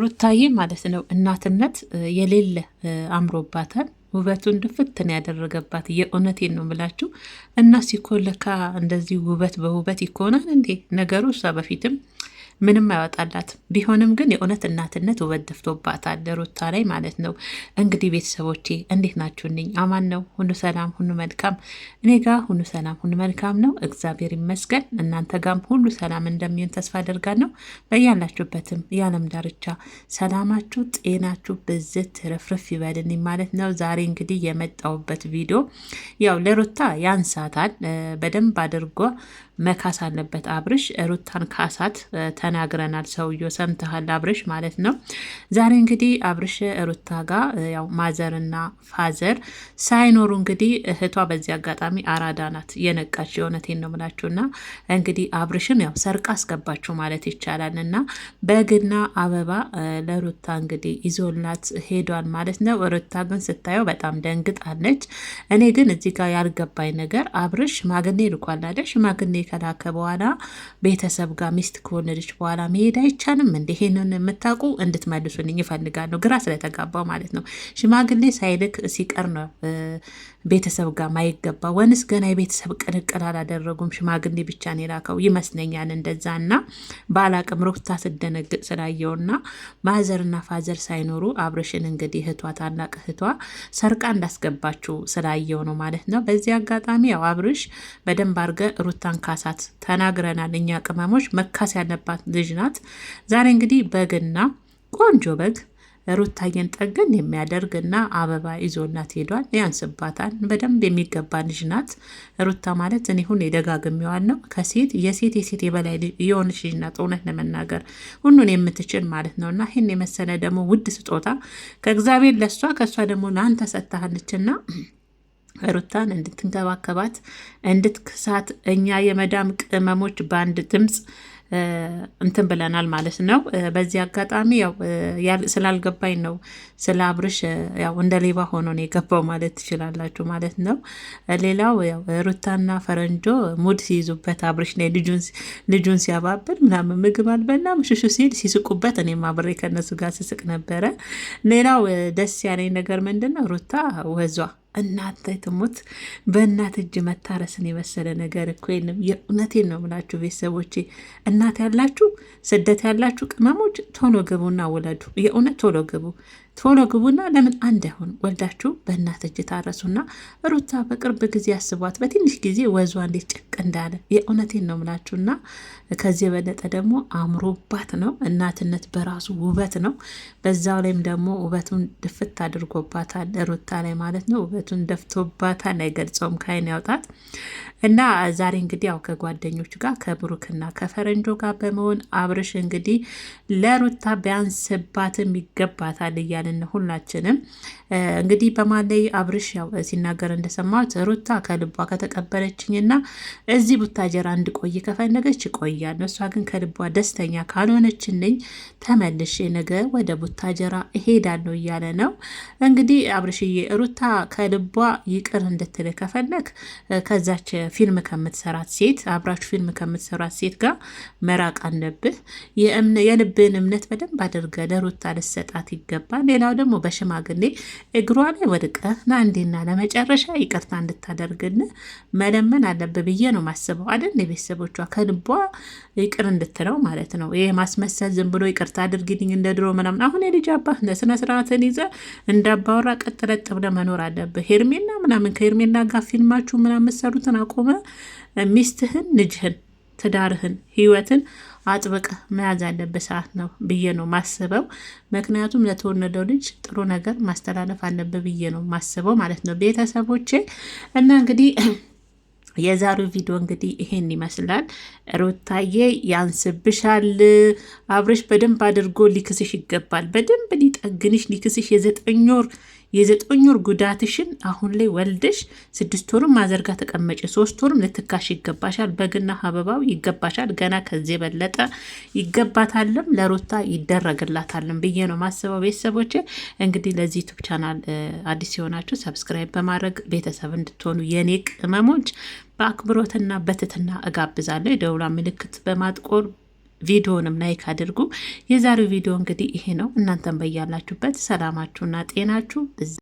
ሩታዬ ማለት ነው እናትነት የሌለ አምሮባታል። ውበቱን ድፍትን ያደረገባት የእውነቴን ነው የምላችሁ። እና ሲኮለካ እንደዚህ ውበት በውበት ይኮናል እንዴ ነገሩ እሷ በፊትም ምንም አይወጣላት። ቢሆንም ግን የእውነት እናትነት ውበት ደፍቶባታል ሩታ ላይ ማለት ነው። እንግዲህ ቤተሰቦቼ እንዴት ናችሁንኝ? አማን ነው ሁኑ ሰላም ሁኑ መልካም። እኔ ጋር ሁኑ ሰላም ሁኑ መልካም ነው፣ እግዚአብሔር ይመስገን። እናንተ ጋም ሁሉ ሰላም እንደሚሆን ተስፋ አደርጋለሁ። በያላችሁበትም የዓለም ዳርቻ ሰላማችሁ፣ ጤናችሁ ብዝት ርፍርፍ ይበልኝ ማለት ነው። ዛሬ እንግዲህ የመጣውበት ቪዲዮ ያው ለሩታ ያንሳታል በደንብ አድርጓ መካስ አለበት አብርሽ። ሩታን ካሳት ተናግረናል። ሰውየ ሰምተሃል አብርሽ ማለት ነው። ዛሬ እንግዲህ አብርሽ ሩታ ጋር ያው ማዘርና ፋዘር ሳይኖሩ እንግዲህ እህቷ በዚህ አጋጣሚ አራዳ ናት የነቃች የእውነቴን ነው የምላችሁና እንግዲህ አብርሽን ያው ሰርቃ አስገባችሁ ማለት ይቻላል። እና በግና አበባ ለሩታ እንግዲህ ይዞላት ሄዷል ማለት ነው። ሩታ ግን ስታየው በጣም ደንግጣለች። እኔ ግን እዚህ ጋር ያልገባኝ ነገር አብርሽ ሽማግኔ ልኳል አይደል? ሽማግኔ ከተላከ በኋላ ቤተሰብ ጋር ሚስት ከወለደች በኋላ መሄድ አይቻልም? እንደ ይሄንን የምታውቁ እንድትመልሱልኝ ይፈልጋለሁ። ግራ ስለተጋባው ማለት ነው። ሽማግሌ ሳይልክ ሲቀር ነው ቤተሰብ ጋር ማይገባ ወንስ ገና የቤተሰብ ቅንቅን አላደረጉም? ሽማግሌ ብቻ ነው የላከው ይመስለኛል እንደዛ እና ባላቅም ሩታ ስደነግጥ ስላየውና ማዘርና ፋዘር ሳይኖሩ አብርሽን እንግዲህ እህቷ ታላቅ እህቷ ሰርቃ እንዳስገባችው ስላየው ነው ማለት ነው። በዚህ አጋጣሚ ያው አብርሽ በደንብ አርገ ሩታን ካሳት ተናግረናል። እኛ ቅመሞች መካስ ያለባት ልጅ ናት። ዛሬ እንግዲህ በግና ቆንጆ በግ ሩታዬን ጠግን የሚያደርግና አበባ ይዞናት ሄዷል። ያንስባታል። በደንብ የሚገባ ልጅ ናት ሩታ ማለት እኔ ሁሌ ደጋግሜዋል ነው ከሴት የሴት የሴት የበላይ የሆነች ልጅ ናት። እውነት ለመናገር ሁሉን የምትችል ማለት ነው። እና ይህን የመሰለ ደግሞ ውድ ስጦታ ከእግዚአብሔር ለሷ ከእሷ ደግሞ ለአንተ ሰጥታሃለችና ሩታን እንድትንከባከባት እንድትክሳት እኛ የመዳም ቅመሞች በአንድ ድምፅ እንትን ብለናል ማለት ነው። በዚህ አጋጣሚ ያው ስላልገባኝ ነው ስለ አብርሽ ያው እንደ ሌባ ሆኖ ነው የገባው ማለት ትችላላችሁ ማለት ነው። ሌላው ያው ሩታና ፈረንጆ ሙድ ሲይዙበት አብርሽ ላይ ልጁን ሲያባብል ምናምን ምግብ አልበላም ሽሹ ሲል ሲስቁበት፣ እኔም አብሬ ከነሱ ጋር ስስቅ ነበረ። ሌላው ደስ ያለኝ ነገር ምንድን ነው ሩታ ወዟ እናተ ትሙት በእናት እጅ መታረስን የመሰለ ነገር እኮ የለም። የእውነቴን ነው ምላችሁ ቤተሰቦቼ፣ እናት ያላችሁ፣ ስደት ያላችሁ ቅመሞች ቶሎ ግቡና ውለዱ። የእውነት ቶሎ ግቡ። ቶሎ ግቡና ለምን አንድ አይሆን ወልዳችሁ በእናት እጅ ታረሱና ሩታ በቅርብ ጊዜ አስቧት። በትንሽ ጊዜ ወዟ እንዴት ጭቅ እንዳለ የእውነቴን ነው ምላችሁና ከዚህ የበለጠ ደግሞ አምሮባት ነው። እናትነት በራሱ ውበት ነው። በዛው ላይም ደግሞ ውበቱን ድፍት አድርጎባታል ሩታ ላይ ማለት ነው። ውበቱን ደፍቶባታል። አይገልጸውም፣ ከይን ያውጣት እና ዛሬ እንግዲህ ያው ከጓደኞቹ ጋር ከብሩክና ከፈረንጆ ጋር በመሆን አብርሽ እንግዲህ ለሩታ ቢያንስባትም ይገባታል እያለ ማለት ሁላችንም እንግዲህ በማለይ አብርሽ ያው ሲናገር እንደሰማሁት ሩታ ከልቧ ከተቀበለችኝና እዚህ ቡታጀራ እንድቆይ ከፈለገች ይቆያል። እሷ ግን ከልቧ ደስተኛ ካልሆነችልኝ ተመልሼ ነገ ወደ ቡታጀራ እሄዳለሁ እያለ ነው። እንግዲህ አብርሽዬ ሩታ ከልቧ ይቅር እንድትል ከፈለግ ከዛች ፊልም ከምትሰራት ሴት አብራችሁ ፊልም ከምትሰራት ሴት ጋር መራቅ አለብህ። የልብን እምነት በደንብ አድርገ ለሩታ ልሰጣት ይገባል። ሌላው ደግሞ በሽማግሌ እግሯ ላይ ወድቀ ለአንዴና ለመጨረሻ ይቅርታ እንድታደርግን መለመን አለብ ብዬ ነው ማስበው አደን የቤተሰቦቿ ከልቧ ይቅር እንድትለው ማለት ነው። ይህ ማስመሰል ዝም ብሎ ይቅርታ አድርግልኝ እንደ ድሮ ምናምን። አሁን የልጅ አባት ነህ፣ ስነ ስርዓትን ይዘ እንዳባወራ ቀጥ ለጥ ብለህ መኖር አለብ። ሄርሜና ምናምን ከሄርሜና ጋር ፊልማችሁ ምናምን የምትሰሩትን አቁመህ ሚስትህን፣ ልጅህን፣ ትዳርህን፣ ህይወትን አጥብቅ መያዝ ያለበት ሰዓት ነው ብዬ ነው ማስበው። ምክንያቱም ለተወለደው ልጅ ጥሩ ነገር ማስተላለፍ አለበት ብዬ ነው ማስበው ማለት ነው ቤተሰቦቼ እና እንግዲህ የዛሬው ቪዲዮ እንግዲህ ይሄን ይመስላል። ሩታዬ ያንስብሻል፣ አብርሽ በደንብ አድርጎ ሊክስሽ ይገባል። በደንብ ሊጠግንሽ ሊክስሽ የዘጠኝ ወር የዘጠኝ ወር ጉዳትሽን አሁን ላይ ወልደሽ ስድስት ወርም ማዘርጋ ተቀመጭ፣ ሶስት ወርም ልትካሽ ይገባሻል። በግና አበባው ይገባሻል። ገና ከዚህ የበለጠ ይገባታልም ለሩታ ይደረግላታልም ብዬ ነው ማስበው። ቤተሰቦች እንግዲህ ለዚህ ዩቱብ ቻናል አዲስ የሆናችሁ ሰብስክራይብ በማድረግ ቤተሰብ እንድትሆኑ የኔ ቅመሞች በአክብሮትና በትትና እጋብዛለሁ። የደውላ ምልክት በማጥቆር ቪዲዮንም ላይክ አድርጉ። የዛሬው ቪዲዮ እንግዲህ ይሄ ነው። እናንተን በያላችሁበት ሰላማችሁና ጤናችሁ